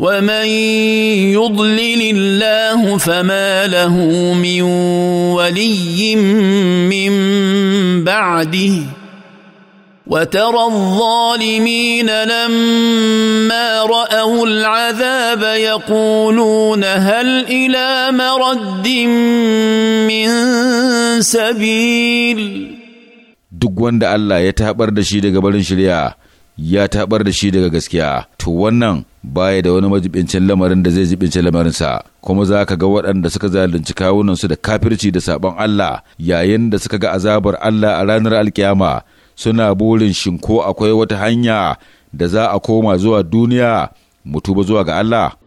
ومن يضلل الله فما له من ولي من بعده وترى الظالمين لما راوا العذاب يقولون هل الى مرد من سبيل duk wanda الله ya taɓar da shi daga barin shirya ya tabar da shi daga gaskiya to wannan baya da wani majibincin lamarin da zai lamarin lamarinsa kuma za ka ga waɗanda suka zalunci kawunan su da kafirci da sabon Allah yayin da suka ga azabar Allah a ranar alkiyama suna burin shin ko akwai wata hanya da za a koma zuwa duniya mutu ba zuwa ga Allah